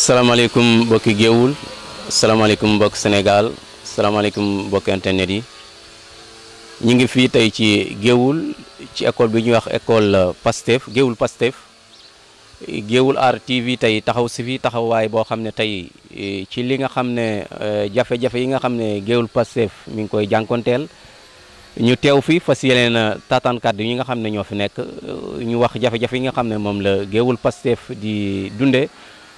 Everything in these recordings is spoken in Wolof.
salaamaaleykum mbokki géewul salaamaaleykum mbokk Sénégal salaamaaleykum mbokk internet yi ñu ngi fii tey ci géewul ci école bi ñuy wax école Pastef géewul Pastef géewul Art tey taxaw si fii taxawaay boo xam ne tey e, ci li nga xam ne e, jafe-jafe yi nga xam ne géewul Pastef mu ngi koy jànkonteel ñu teew fi fas yeneen taataan kàddu yi nga xam ne ñoo fi nekk e, ñu wax jafe-jafe yi nga xam ne moom la géewul Pastef di dundee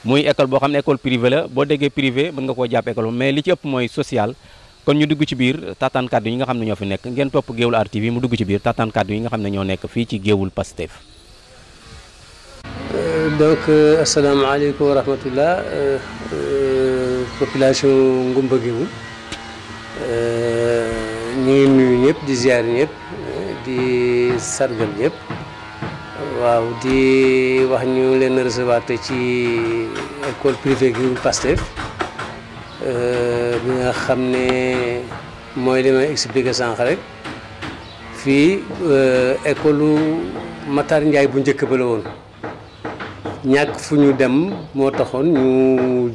muy école boo xam ne école privée la boo déggee privé mën nga koo jàpp école mais li ci ëpp mooy social kon ñu dugg ci biir taataan kàddu yi nga xam ne ñoo fi nekk ngeen topp Géewul Art TV mu dugg ci biir taataan kàddu yi nga xam ne ñoo nekk fii ci Géewul Pastef. Euh, donc euh, asalaamaaleykum wa rahmatullah euh, population Ngumba Géewul ñu nuyu ñëpp di ziar ñëpp di sargal ñëpp. waaw di wax ñu leen recevoir te ci école privée gi Pastef euh, bi nga xam ne mooy li may expliqué sànq rek fii euh, école Matar Ndiaye bu njëkk ba la woon ñàkk fu ñu dem moo taxoon ñu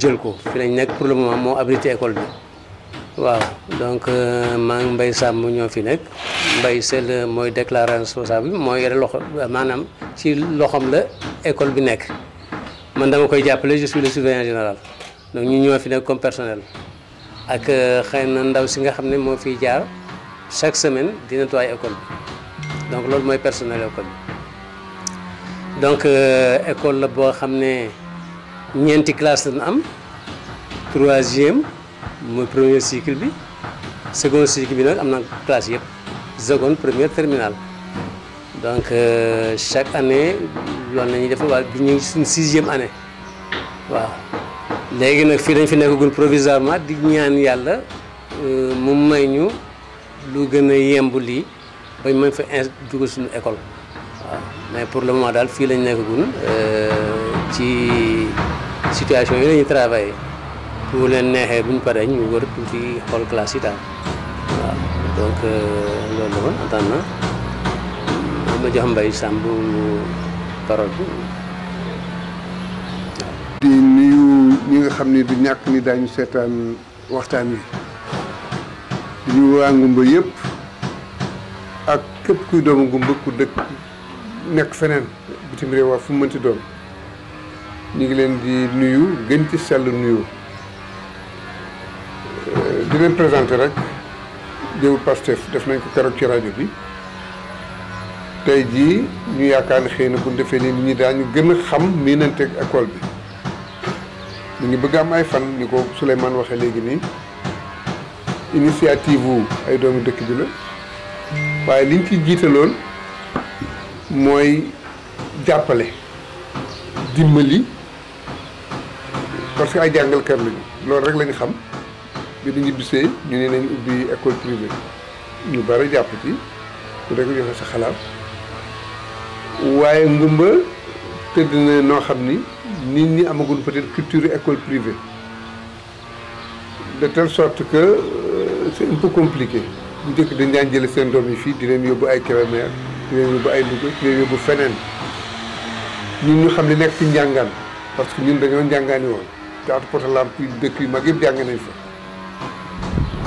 jël ko fi lañ nekk pour le moment moo abrité école bi waaw donc euh, maa ngi Mbaye Samb ñoo fi nekk Mbaye déclaration euh, mooy déclarant responsable mooy yore loxo euh, maanaam ci loxoom la école bi nekk man dama koy jàppale je suis le surveillant général donc ñu ñoo fi nekk comme personnel ak xëy na ndaw si nga xam ne moo fiy jaar chaque semaine di nettoyer école bi donc loolu mooy personnel école bi donc école la boo xam ne ñeenti classe lañ am troisième mon premier cycle bi second cycle bi amna classe seconde première terminale donc euh, chaque année loolu la def bi sixième année waaw légui nak fi dañ fi de provisoirement di ñaan euh, mu may ñu lu gëna fa école mais pour le moment je suis lañ euh ci situation yi travail. bu leen neexee buñ paree ñu wër donc loolu la woon ma jox mbay sàmb parole bi di nuyu ñi nga xam ne du ñàkk ni daañu seetaan waxtaan wi di ñu waa ngumba yëpp ak képp kuy doomu ngumba ku dëkk nekk feneen bitim réew waa fu mënti doon ñu ngi leen di nuyu gën ci sell nuyu di leen présenté rek jëwul Pastef def nañ ko keroog ci rajo bi tey jii ñu yaakaar ne xëy na bu ñu defee nii nit ñi daañu gën a xam miinanteeg école bi ñu ngi bëgg am ay fan ni ko Souleymane waxee léegi nii initiative wu ay doomi dëkk bi la waaye liñ ci jiitaloon mooy jàppale dimbali parce que ay jàngal kër lañu loolu rek lañu xam bi ñu ñibbisee ñu ne nañ ubbi école privée ñu bari jàpp ci ku nekk joxe sa xalaat waaye ngumba tëdd na noo xam ni nit ñi amagul peut-être culture école privée de telle sorte que euh, c'est un peu compliqué bu njëkk dañ njànjale seen doom yi fii di leen yóbbu ay Kébémer di yóbbu ay Louga di yóbbu feneen ñun ñu xam ne nekk ci njàngaan parce que ñun dañoo njàngaani woon te at potalam ci dëkk yu mag yëpp jàng nañ fa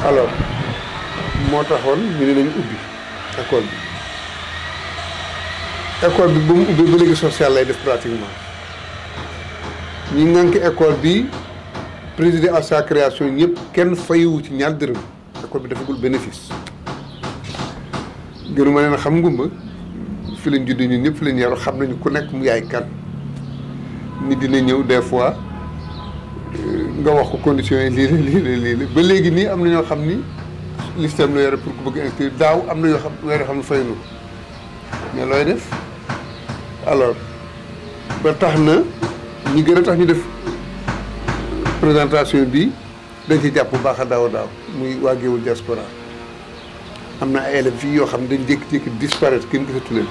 alors moo taxoon ñu ne nañ ubbi école bi école bi ba mu ubbi ba léegi social lay def pratiquement ñi ngànk école bi présidé à sa création ñëpp kenn fayewu ci ñaar dërëm école bi defagul bénéfice gënu ma leen xam ngumba fi lañ judd ñun ñëpp fi lañ yaru xam nañu ku nekk mu yaay kan nit dina ñëw des fois nga wax ko conditions yi lii la lii la lii la ba léegi nii am na ñoo xam ni listeem la yore pour ku bëgg inscrire daaw am na yoo xam weer yoo xam ne fayuñu mais looy def alors ba tax na ñi gën a tax ñu def présentation bi dañ jàpp bu baax a daaw a daaw muy waa Géewul diaspora am na ay élèves fii yoo xam ne dañ jékki-jékki disparaître kenn gisatu leen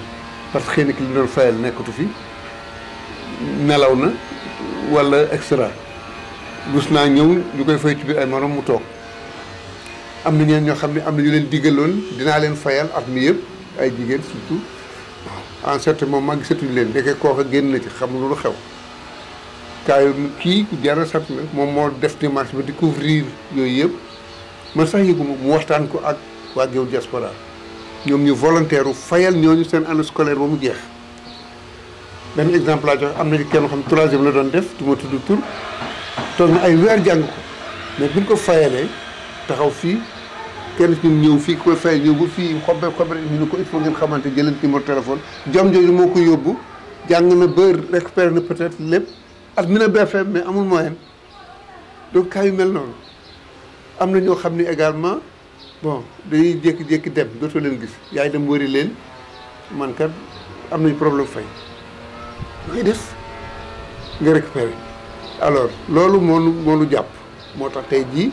parce que xëy na ki li doon fayal nekkatu fi nelaw na wala extra rus naa ñëw ñu koy fay ci ay morom mu toog am na ñeen ñoo xam ne am na ñu leen diggaloon dinaa leen fayal at mi yëpp ay jigéen surtout waaw en certain moment gisatuñu leen ndeke kooka génn na ci xam lu xew kaayu kii jara sat moom moo def démarche ba découvrir yooyu yëpp man sax yëguma mu waxtaan ko ak waa Géew diaspora ñoom ñu volonteeru fayal ñoo ñu seen année scolaire ba mu jeex benn exemple jox am na ci kenn xam la doon def du ma tudd tur toog na ay weer jàng ko mais bi ñu ko fayalee taxaw fii kenn ci ñun ñëw fii ku koy ñëw ba fii xobe xobe ñu ne ko il faut ngeen xamante jëleen moo téléphone jom jooju moo ko yóbbu jàng na ba récupéré na peut-être lépp at mi na BFM mais amul moyen donc cas mel noonu am na ñoo xam ne également bon dañuy jékki-jékki dem dootoo leen gis yaay dem wëri leen man kat am nañ problème fay ngay def nga récupéré alors loolu moo nu moo nu jàpp moo tax tey jii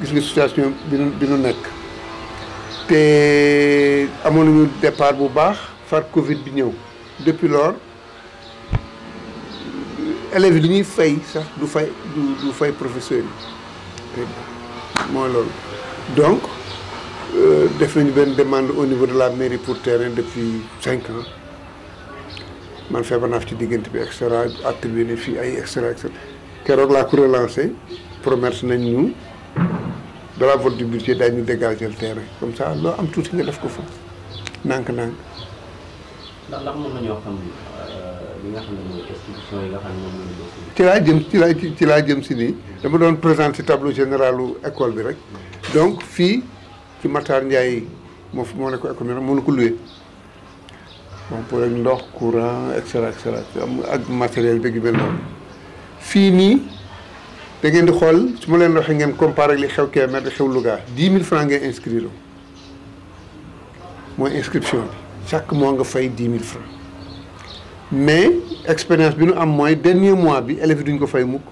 gis nga situation bi nu bi nu nekk te amoon nañu départ bu baax far Covid bi ñëw depuis lors élèves yi li ñuy fay sax du fay du du fay professeurs yi mooy loolu donc euh, def nañu benn demande au niveau de la mairie pour terrain depuis cinq ans man feebar naa fi ci diggante bi et cetera attribué fii ay et cetera et cetera keroog laa ko relancé promesse nañ ñu de la vote du budget daañu dégager le terrain comme ça loo am tuuti nga def ko fa nànk-nànk. ndax lan mën nañoo xam euh, li la ñu ci laa jëm ci laa jëm si nii dama doon présenté tableau généralu école bi rek donc fii ci Matar Ndiaye moo fi moo ne ko école bi nag mënu ko loué. pompe ak ndox courant et cetera et cetera ak matériel beeg yu mel noonu fii nii da di xool su ma leen waxee ngeen comparé ak li xew Kébémer di xew Louga dix mille francs ngay inscrire mooy inscription bi chaque mois nga fay dix mille francs mais expérience bi nu am mooy dernier mois bi élèves yi duñ ko fay mukk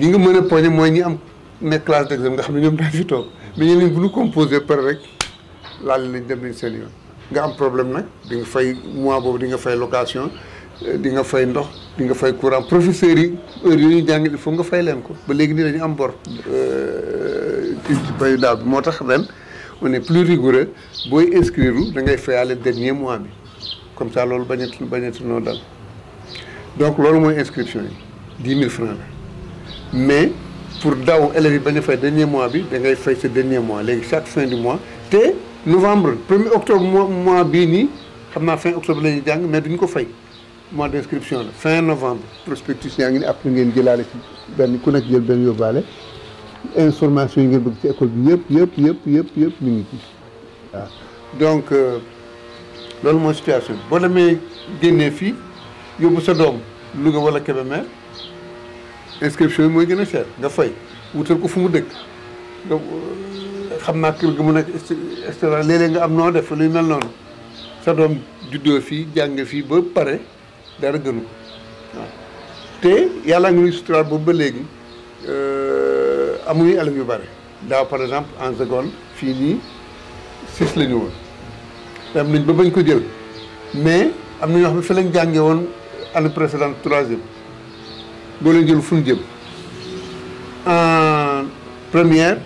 ñi nga mën a poñe mooy ñi am nekk classe d'examen nga xam ne ñoom dañ fi toog mais ñeneen bu ñu composé par rek laal lañ dem nañ seen yoon. nga am problème nag di fay mois boobu di nga fay location euh, di nga fay ndox di nga fay courant professeurs yi heure yu ñuy jàng il nga fay leen ko ba léegi nii dañu am bor. ba euh, bayu daaw bi moo tax ren on est plus rigoureux booy inscrire da ngay fayaale dernier mois bi comme ça loolu bañatu bañatu noo dal donc loolu mooy inscription yi dix mille francs la mais pour daw élèves yi bañ fay dernier mois bi da ngay fay sa dernier mois léegi chaque fin du mois te. novembre premier octobre mois mois bii nii xam naa fin octobre la ñuy jàng mais duñ ko fay mois d' inscription la fin novembre prospectus yaa ngi ne après ngeen jëlaale ci benn ku nekk jël benn yóbbaale information yi ngeen bëgg ci école bi yëpp yëpp yëpp yëpp yëpp mi ngi ci waaw donc euh, loolu mooy situation boo demee génnee fii yóbbu sa doom Louga wala Kébémer inscription yi mooy gën a cher nga fay wutal ko fu mu dëkk xam naa kër gi mu nekk et cetera léeg nga am noo def luy mel noonu sa doom juddoo fii jàng fii ba pare dara gënu ko te yàlla ngi nuy suturaal boobu ba léegi euh, amuñu élèves yu bare daaw par exemple en seconde fii nii six la ñu woon dem nañ ba bañ ko jël mais am na ñoo xam ne fi lañ jàngee woon année précédente troisième boo leen jël fu ñu jëm en première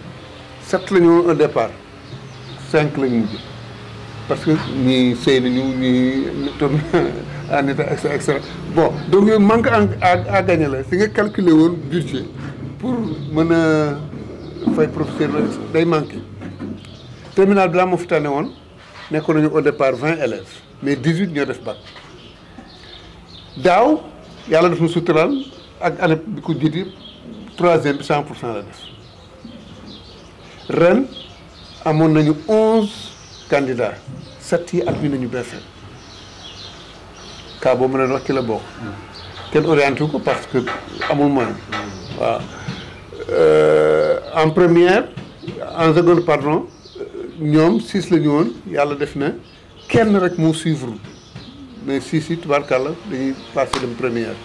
sept la ñu woon au cinq la mujj parce que ñii sëy nañu ñii tourné en état extra extra bon donc yooyu manque à à gagner la si nga calculer woon budget pour mën a fay professeur day manqué terminal bi laa moo fi tane woon nekkoon nañu au départ vingt élèves mais dix huit ñoo def bac daaw yàlla def na suturaal ak année bi ko jiiti troisième bi cent pour cent la def ren amon nañu 11 candidats 7 yi admi nañu bëf ka bo mëna wax ci la bok ken orienté parce que amul moyen wa euh en première en seconde pardon ñom 6 lañu won yalla def na kenn rek mo suivre mais 6 ci tabarkala dañuy passer de première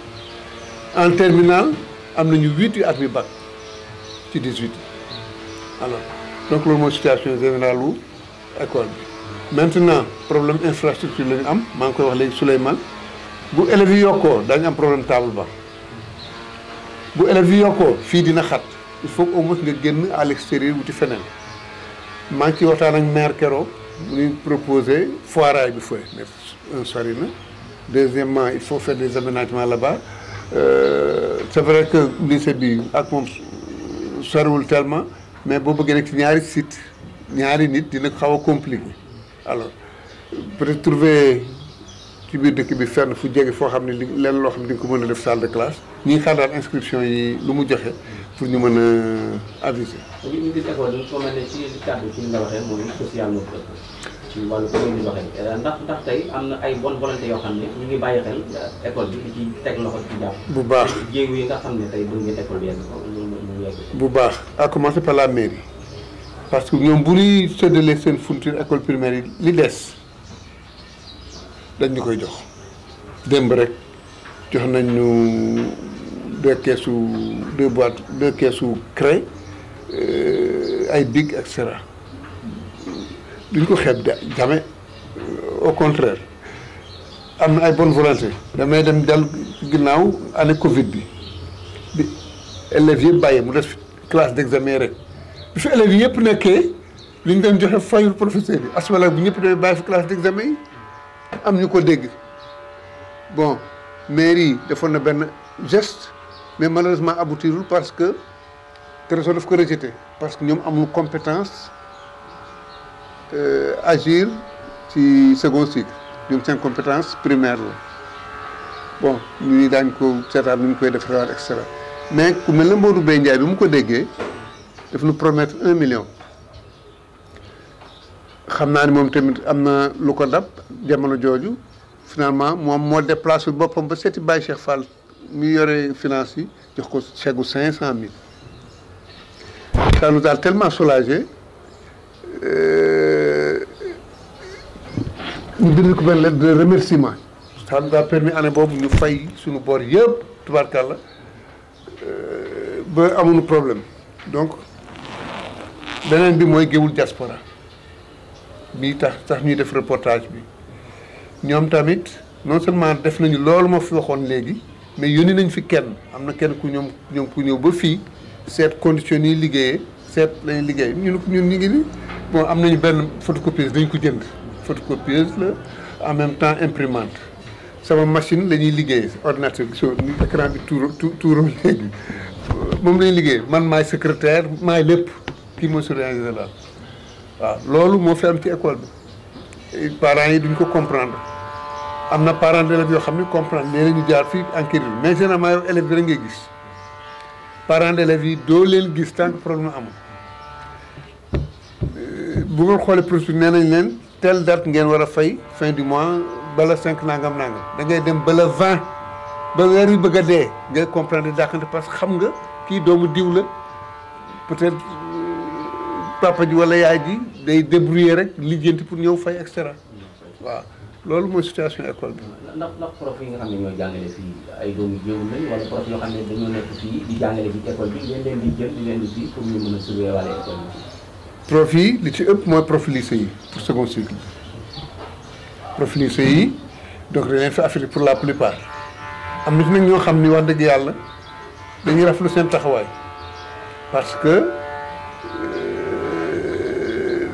en terminale amnañu 8 yu admi bac ci 18 alors donc loolu mooy situation générale wu école maintenant problème infrastructure la ñu am maa ngi koy wax léegi Souleymane bu élèves yi yokkoo daañu am problème table ba bu élèves yokkoo fii dina xat il faut au moins nga génn à l'extérieur wuti feneen maa ngi ciy waxtaan ak maire Kero mu ngi proposé bi fooy mais un sori na deuxièmement il faut faire des aménagements là euh, c'est vrai que lycée bi ak moom soriwul tellement mais boo bëggee nekk ci ñaari sit ñaari nit dina xaw a compliqué alors peut-être trouver ci biir dëkk bi fenn fu jege foo xam ne di leen loo xam ne di nga ko mën a def salle de classe ñi ngi xaar yi lu mu joxe pour ñu mën a aviser. ñu ñu gis école bi soo mel ne ci kàddu ci nga waxee mooy social no ci wàllu commune bi waxee eh, ndax ndax tey am na ay bonne volonté yoo xam ne ñu ngi bàyyi xel école bi di ci teg loxo ci jàpp. bu baax jéego yi nga xam ne tey bëgg ngeen école bi bu a à commencer par la mairie parce que ñoom bu de séddalee fonction fourniture école primaire L'idée, li des dañ ñu koy jox démb rek jox deux caisses, deux boîtes deux keesu craie euh, ay big et cetera duñ ko jamais euh, au contraire am a ay bonne volonté damay dem dal ginnaaw année Covid bi élève yëpp bàyyi mu classe d' examen rek bi fi élèves yëpp nekkee li ñu doon joxe fayul professeur bi asmala bu ñëpp demee bàyyi fi classe d' examen yi am ñu ko dégg bon mairie yi defoon na benn geste mais malheureusement aboutirul parce que trésor daf ko rejeté parce que ñoom amul compétence euh, agir ci second cycle ñoom seen compétence primaire la bon ñu daañ ko seetaan nu ñu koy defewaat et cetera mais ku mel ne Modou Mbaye Ndiaye bi mu ko déggee daf nu promettre un million xam naa ni moom tamit am na lu ko dab jamono jooju finalement moom moo déplacé boppam ba seeti Baye Cheikh Fall mi yore finance yi jox ko chèque gu cinq cent mille ça nous a tellement soulagé euh, ñu bind ko benn lettre de remerciement ça nous a permis année boobu ñu fay suñu bor yëpp la ba amuñu problème donc beneen bi moy géwul diaspora bi tax tax ñuy def reportage bi ñom tamit non seulement def nañu loolu ma fi waxoon légui mais yoni nañ fi kenn amna kenn ku ñom ñom ku ñëw ba fi seet condition yi liggéeyee seet lañu liggéey ñun ñun ñu ngi ni bon amna ñu ben photocopieuse dañ ko jënd photocopieuse la en même temps imprimante sama machine la ñuy liggéey ordinateur bi écran bi tour tour légui moom lañu liggéey man maay secrétaire maay lépp kii mooy surveillant général waaw loolu moo fi ci école bi parents yi duñ ko comprendre am na parents d'élèves yoo xam ne comprendre léeg ñu jaar fii enquête mais généralement yow élèves bi rek gis parents d'élèves yi doo leen gis tant que problème amul euh, bu ngeen xoolee procédure nee nañ leen telle date ngeen war a fay fin du mois bala cinq nangam nangam da ngay dem bala vingt ba weer yi bëgg a dee ngay comprendre dàqante parce que xam nga kii doomu diw la peut-être euh, papa ji wala yaay ji day débrouiller rek lijjanti pour ñëw fay et cetera waaw loolu mooy situation école bi. ndax ndax prof nga xam ne ñooy jàngale fii ay doomu jiw lañ wala prof yoo xam ne école bi ngeen leen di yi li ci ëpp mooy prof lycée yi pour second cycle prof lycée yi donc leen fi affecté pour la plupart am na ñoo xam ni wax dëgg yàlla dañuy rafetlu seen taxawaay parce que euh,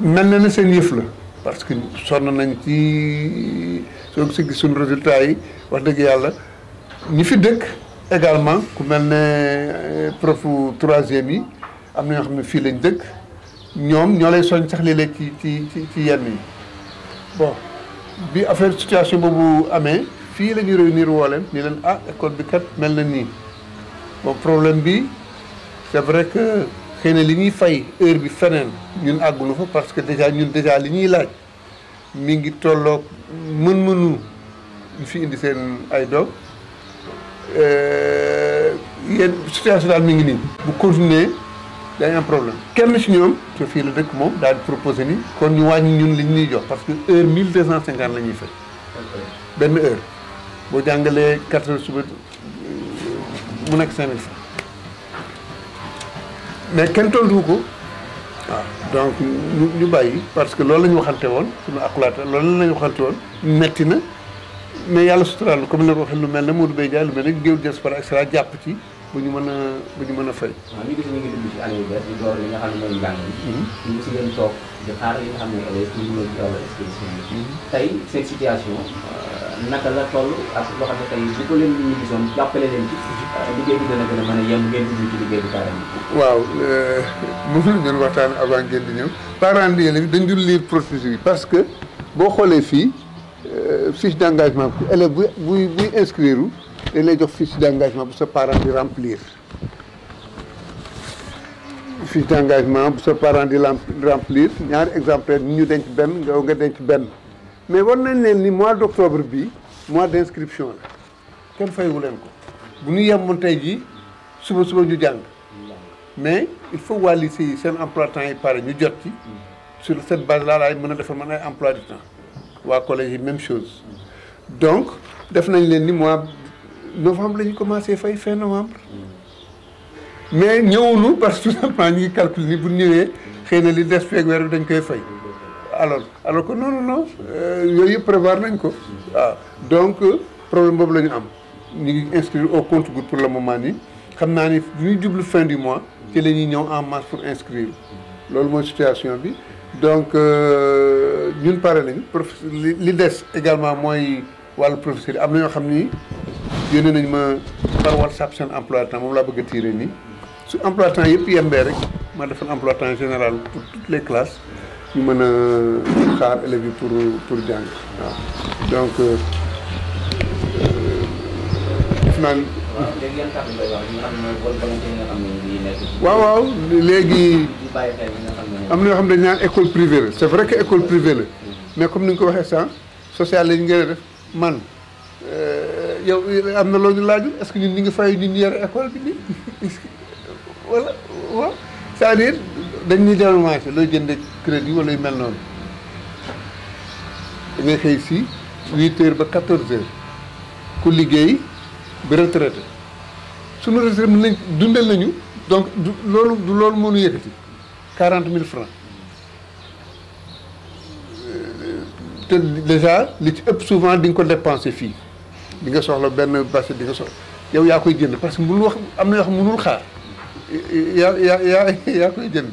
mel na ne seen yëf la parce que sonn nañ ci soo si gis suñu résultat yi wax dëgg yàlla ñi fi dëkk également ku mel ne euh, profu troisième yi am na ñoo xam ne fii lañ dëkk ñoom ñoo lay soñ sax léeg-léeg ci ci ci yenn yi bon bi affaire situation boobu amee fii la ñu réunir woo leen ni leen ah école bi kat mel na nii bon problème bi c'est vrai que xëy na li ñuy fay heure bi feneen ñun àggunu fa parce que déjà ñun déjà li ñuy laaj mi ngi tolloog mën-mënu ñu fi indi seen ay doom euh, yéen situation daal mi ngi nii. bu continuer day am problème kenn ci ñoom te fii la dëkk moom daal di proposé ni kon ñu wàññi ñun li ñuy jox parce que heure mille la ñuy fay benn heure. boo jàngalee quatre heures suba mu nekk cinq mille francs mais kenn tontu ko waaw ah, donc ñu ñu bàyyi parce que loolu la ñu waxante woon suñu akulaata loolu la ñu waxante woon metti na mais yàlla suturaal comme ni ko waxee lu mel ne Modou Mbaye Diagne lu mel ne Gueoul Diaspora et cetera jàpp ci bu ñu mën a ñu mën a fay. waaw ñu gis ñu ngi dugg naka la toll ak xam ne tey bu ko euh, a mën a yem ngeen dugg ci bi parents yi waaw euh, moom la waxtaan avant ngeen di ñëw parents yi dañ dul lire processus bi parce que boo xoolee fii euh, fiche d'engagement bi élève bu buy buy inscrire dañ lay jox fiche d'engagement bu sa parent di remplir fiche d'engagement bu sa parent di remplir ñaari exemplaire ñu denc benn nga nga denc benn mais vous a le mois d'octobre, le mois d'inscription. inscription ce kenn ko mais il faut voir ici, c'est un emploi temps par par ñu sur cette base là il a un emploi de temps collège même chose donc def mois novembre la commencé faire fin novembre mais nous, parce que nous simplement nous des alors alors que non non non euh, yooyu y prévoir nañ ko waaw ah, donc problème boobu la am ñu inscrire au compte goutte pour le moment nii xam naa ni ñuy jublu fin du mois ci la ñuy ñëw en masse pour inscrire loolu mooy situation bi donc euh, ñun pare nañu professeur li des également mooy wàllu professeur am na ñoo xam ni yónnee nañ ma par WhatsApp seen emploi temps moom laa bëgg a tiire nii su emploi temps yëpp yembee rek ma defal emploi temps général pour toutes les classes ñu car ele xaar élèves yi pour pour jàng waaw donc def euh, euh, naa waaw waaw léegi am na yoo xam dañ naan école privée la c'est vrai que école privée la mais comme ni nga ko waxee sànq social lañ gën a def man euh, yow am na loo ñu laajul est-ce que ñun ñu ngi fay ñu yore école bi waaw c'est-à-dire dañ ñuy dellu marché looy jënd crédit wala yu mel noonu da ngay xëy si huit heures ba quatorze heures ku liggéey ba retraité suñu retraité mën nañ nañu donc du loolu du loolu moo ñu yëkkati quarante mille francs euh, te déjà li ci ëpp souvent di ko dépensé fii di nga soxla benn bâche di nga soxla yow yaa koy jënd parce que mënul wax am na yoo xam mënul xaar yaa yaa yaa yaa koy jënd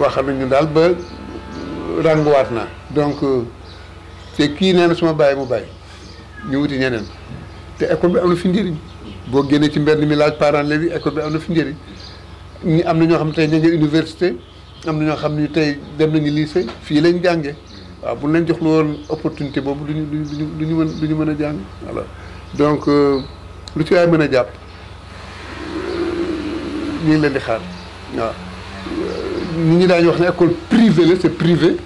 waxal nañu daal ba ranguwaat naa donc te kii nee na suma bàyyi mu bàyyi ñu wuti ñeneen te école bi am na fi njëriñ boo génnee ci mbedd mi laaj parent léegi école bi am na fi opportunity, ñi am na ñoo xam ne tey ñu ngi université am na xam dem nañu lycée lañ bu leen jox lu opportunité duñu duñu duñu duñu jàng donc euh, lu ci leen di xaar nit ñi daañu wax ne école privée la c'est privé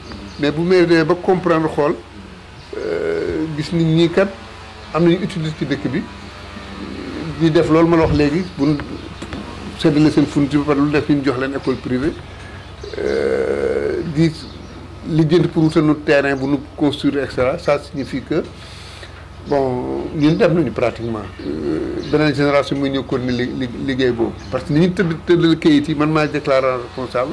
mais bu may demee ba comprendre xool euh, gis nit ñii kat am nañu utilité ci dëkk bi di def loolu ma la wax léegi bu seddale seen fourniture ba pare lu ñu jox leen école privée euh, di lijjanti pour wutal nu terrain bu nu construire et cetera ça signifie que bon ñun def nañu pratiquement euh, beneen génération muy ñëw kon ni liggéey boobu parce que ni ñu tëdd tëddal kayit yi man maa déclaré responsable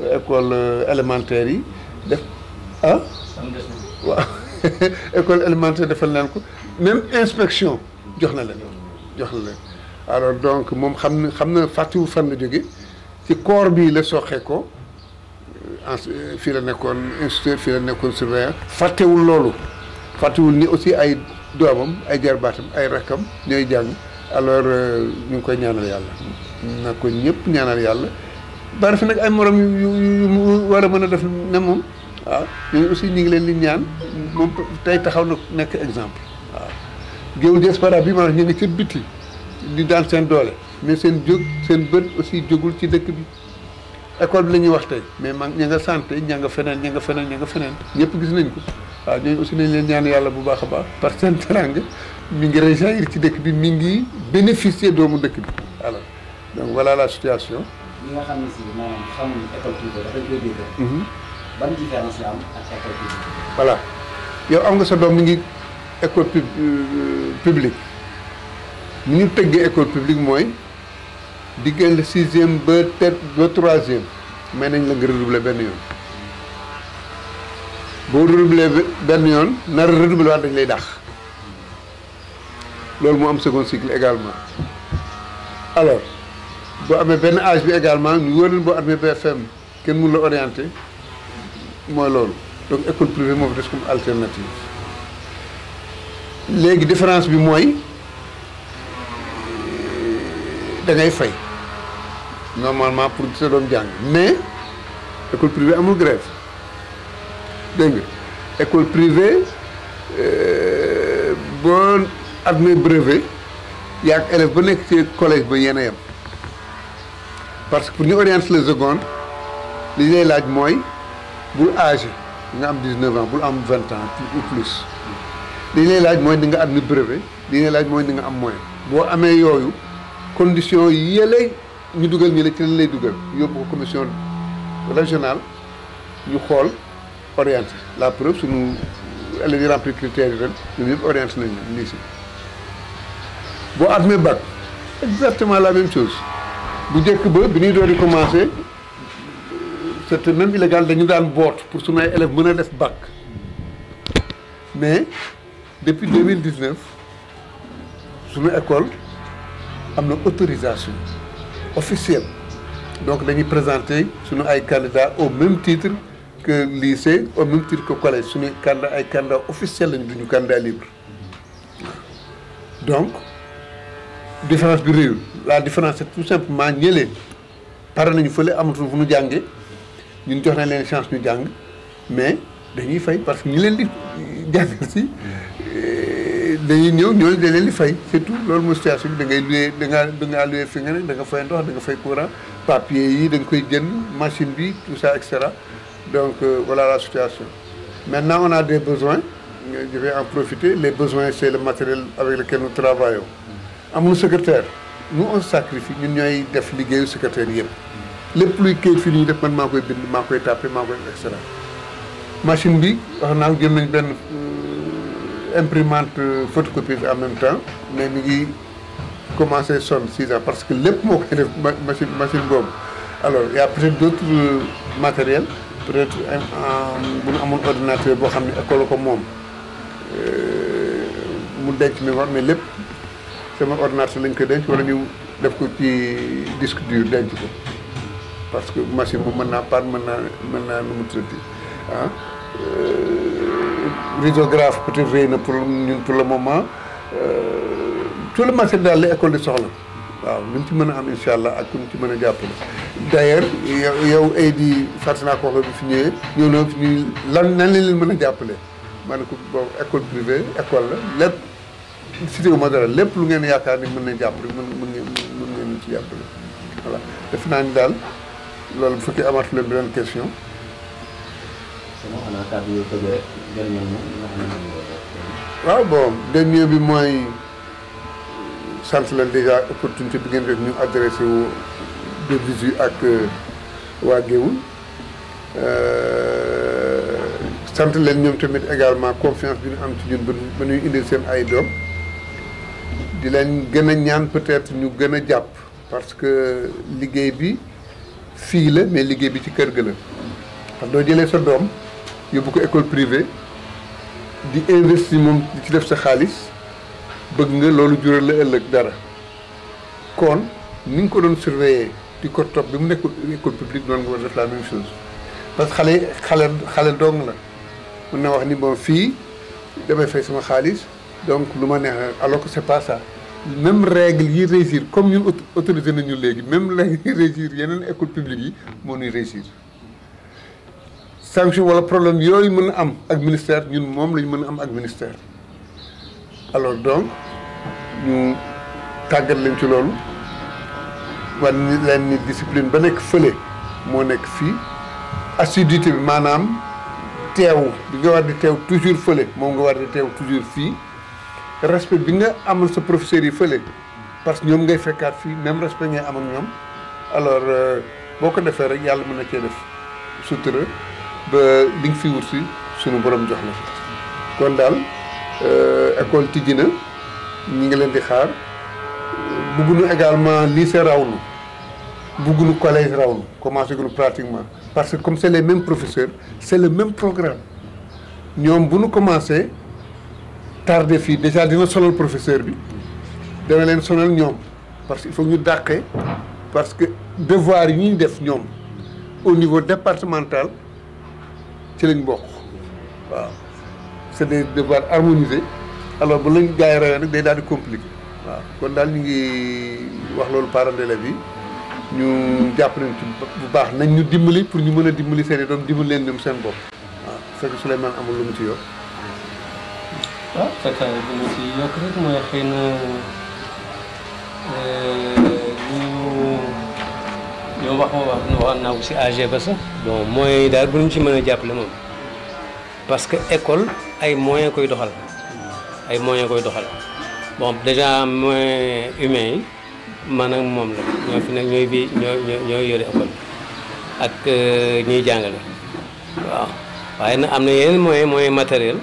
école euh, élémentaire yi def ah waaw école élémentaire defal leen ko même inspection jox na leen jox na leen alors donc moom xam na xam na fàttiwu fan la jóge ci corps bii la soxee ko euh, euh, fii la nekkoon instituteur fii la nekkoon surveillant fàttewul loolu fàttewul ni aussi ay doomam ay jarbaatam ay rakkam ñooy jàng alors ñu ngi koy ñaanal yàlla na ko ñëpp ñaanal yàlla bari fi nag ay morom yu yu war a mën a def ne moom waaw yooyu aussi ñu ngi leen di ñaan moom tey taxaw na nekk exemple waaw géewu diaspora bi maanaam ñu ngi ca biti di daan seen doole mais seen jóg seen bët aussi jógul ci dëkk bi école bi la ñuy mais man ña nga santé ña nga feneen ña nga feneen ña nga feneen ñëpp gis nañ ko waaw ñooñu aussi leen ñaan yàlla bu baax a baax parce que seen teranga mi ngi réagir ci dëkk bi mi ngi bénéficier doomu dëkk bi alors donc voilà la situation ñi nga xam ne si maanaam xamuñ école mhm. voilà yow am nga sa doom mi ngi école pub euh, publique ni ñu tëggee école publique mooy diggante sixième ba te ba troisième may nañ la nga redoubler benn yoon boo redoubler benn yoon nar redoubler waat dañ lay dax loolu moo am second cycle également boo amee benn âge bi également ñu wóor leen boo amee BFM kenn mun la orienté mooy loolu donc école privée moo fi des comme alternative léegi différence bi mooy da ngay fay normalement pour sa doom jàng mais école privée amul grève dégg nga école privée euh, boo amee brevet yaa ak élève ba nekk ci collège ba yéen a yem parce que pour ñu la le seconde li ñu laaj mooy bul age nga am 19 ans bul am vingt ans ou plus li ñu laaj mooy ni nga am ni brevet li ñu laaj mooy ni nga am moyen boo amee yooyu condition yële ñu dugal ñu la ci lañ lay dugal yóbbu ko commission régionale ñu xool orienté la preuve suñu élèves yi remplir critères yi ren ñoom yëpp orienté nañu nii si boo amee bac exactement la même chose bu vous ba bi ñuy doon di commencé même illégal dañu daan boot pour que pour élèves mën a un bac mais depuis 2019, nous école autorisation officielle donc nous présenter présenté ay candidats au même titre que lycée au même titre que collège sunu candidat ay candidat officiel lañu duñu candidat libre donc différence de rue la différence est tout simplement Par exemple, nañu faut que nous Nous Nous chance de jàng mais dañuy fay parce que nous di euh, c'est tout situation donc euh, voilà la situation. Maintenant on a des besoins je vais en profiter les besoins c'est le matériel avec lequel nous travaillons mon secrétaire. nous on sacrifie ñun ñooy def liggéeyu secrétaire yëpp lépp luy kayit fii ñuy def man maa koy bind maa koy tàppe maa koy et machine bi wax naa jël nañ benn euh, imprimante euh, photocopie en même temps mais mi ngi commencé sonn six parce que lépp moo koy def machine machine boobu alors y a peut matériel d'autres euh, matériels peut bu ñu amoon ordinateur boo xam ne école ko moom mu denc mi war mais lépp sama ordinateur lañ koy denc wala ñu def ko ci disque dur denc ko parce que machine bu mën naa paan mën naa mën naa nu mu tuddati ah euh, réy na pour ñun pour le moment euh, tout le matériel daal la école di soxla waaw lu ñu ci mën a am incha allah ak ku mu ci mën a jàppale d'ailleurs yow ay di fàtte naa ko bi fi ñëwee ñëw na fi lan nan leen mën a jàppale ma ne ko boobu école privée école la lépp cité wu ma dara lépp lu ngeen yaakaar ni mën nañ jàppale mën mën ngeen mën ngeen ci jàppale voilà def naa ni daal loolu bu fekkee amatul leen question. waaw bon dernier bi mooy sant leen déjà opportunité bi ngeen def ñu adressé wu de ak euh, waa Géoul euh, sant leen ñoom tamit également confiance bi ñu am ci ñun ba ba ñuy indil seen ay doom. di leen gën a ñaan peut-être ñu gën a jàpp parce que liggéey bi fii la mais liggéey bi ci kër ga la doo jëlee sa doom yóbbu ko école privée di investi moom di ci def sa xaalis bëgg nga loolu jural la ëllëg dara kon ni nga ko doon surveiller di ko topp bi mu nekk école publique doon nga war def la même chose parce que xale xale xale dong la mun na wax ni bon fii damay fay sama xaalis donc lu ma neex alors que c'est pas même règle yi réussir comme ñun autorisé nañu léegi même règle yi réussir yeneen école publique yi moo ñuy réussir sanction wala problème yooyu mën a am ak ministère ñun moom lañu mën a am ak ministère alors donc ñu tàggat leen ci loolu war ni leen ni discipline ba nekk fële moo nekk fii assiduité bi maanaam teew bi nga war di teew toujours fële moom nga war di teew toujours fii respect bi nga amal sa professeur yi fële parce que ñoom ngay fekkaat fii même respect ngay am ñoom alors euh, boo ko defee rek yàlla mën na cee def sutura ba li nga fi wut si sunu borom jox la kon daal euh, école tijji na ñi ngi leen di xaar bëgguñu également lycée rawlu bëgguñu collège rawlu commencé gunu pratiquement parce que comme c'est les mêmes professeur c'est le même programme ñoom bu nu commencé tardé fii déjà dina sonal professeur bi dana leen sonal ñoom parce que il ñu dàqee parce que devoir yi ñuy def ñoom au niveau départemental ci lañ bokk waaw c'est des devoirs harmonisés alors bu lañ gars yi rawee nag day daal di compliqué waaw kon daal ñu ngi wax loolu parents d'élèves yi ñu jàpp nañ ci bu baax nañ ñu dimbali pour ñu mën a dimbali seen i doom dimbali leen ñoom seen bopp waaw fekk Souleymane amul lu mu ci yor waaw fekk bi ma si yokk rek mooy xëy na ñu wax wax waxoon naa ko si AG ba sax bon moyens daal bu ñu ci mën a jàppale moom parce que école ay moyens koy doxal ay moyens koy doxal bon déjà moyens humains yi maanaam moom la ñoo fi nag ñooy bi ñoo ñooy yore école ak euh, ñuy jàngale waaw waaye nag am na yeneen moyens moyens matériels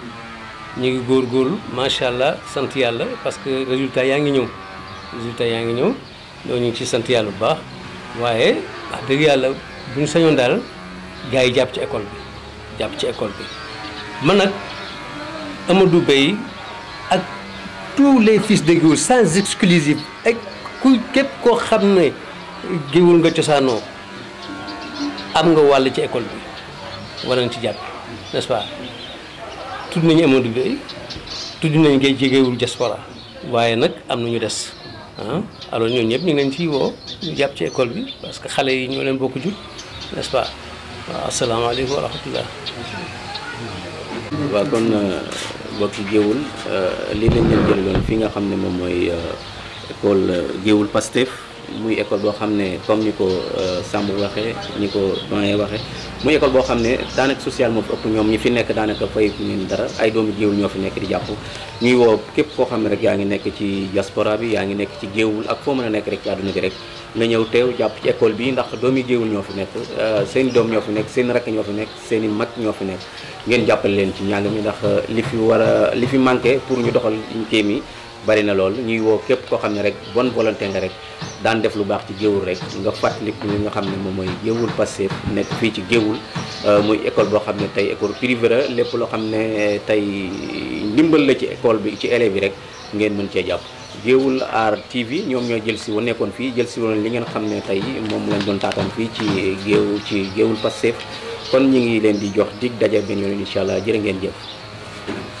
ñu ngi góor góorgóorlu macha allah sant yàlla parce que résultat yaa ngi ñëw résultat yaa ngi ñëw loolu ñu ci sant yàlla bu baax waaye wax dëgg yàlla bu ñu sañoon daal gars yi jàpp ci école bi jàpp ci école bi man nag du Bey ak tous les fils de Géoul sans exclusive ak ku képp koo xam ne Géoul nga cosaanoo am nga wàll ci école bi war nañ ci jàpp nest tudd nañu amoon liggéey tudd nañu ngay jegewul diaspora waaye nag am na ñu des ah alors ñooñu ñëpp ñu ngi leen woo ñu jàpp ci école bi parce que xale yi ñoo leen bokk jur n'est-ce pas waaw asalaamaaleykum wa rahmatullah waaw kon euh, mbokki géewul euh, lii lañ leen jëloon fi nga xam ne moom mooy euh, école géewul Pastef muy école boo xam ne comme ni ko euh, Samb waxee ni ko doyen waxee muy école boo xam ne daanaka social moo fi ëpp ñoom ñi fi nekk daanaka fay leen dara ay doomu géewul ñoo fi nekk di jàpp ñuy woo képp koo xam ne rek yaa ngi nekk ci diaspora bi yaa ngi nekk ci géewul ak foo mën a nekk rek àdduna bi rek nga ñëw teew jàpp ci école bi ndax doomi géewul ñoo fi nekk euh, seen doom ñoo fi nekk seen i rakk ñoo fi nekk seeni mag ñoo fi nekk ngeen jàppale leen ci njàng mi ndax euh, li fi war a li fi manqué pour ñu doxal kéem yi bari na lool ñuy woo képp koo xam ne rek bon volonté nga rek daan def lu baax ci géewul rek nga fàttaliku li nga xam ne moom mooy géewul passé nekk fii ci géewul euh, muy école boo xam ne tey école privée la lépp loo xam ne tey ndimbal la ci école bi ci élèves yi rek ngeen mën cee jàpp géewul aar TV ñoom ñoo jël si woon nekkoon fii jël si woon li ngeen xam ne tey moom lañ doon taatam fii ci géew ci géewul passé kon ñu ngi leen di jox dig daja benn yoon incha allah jërë ngeen jëf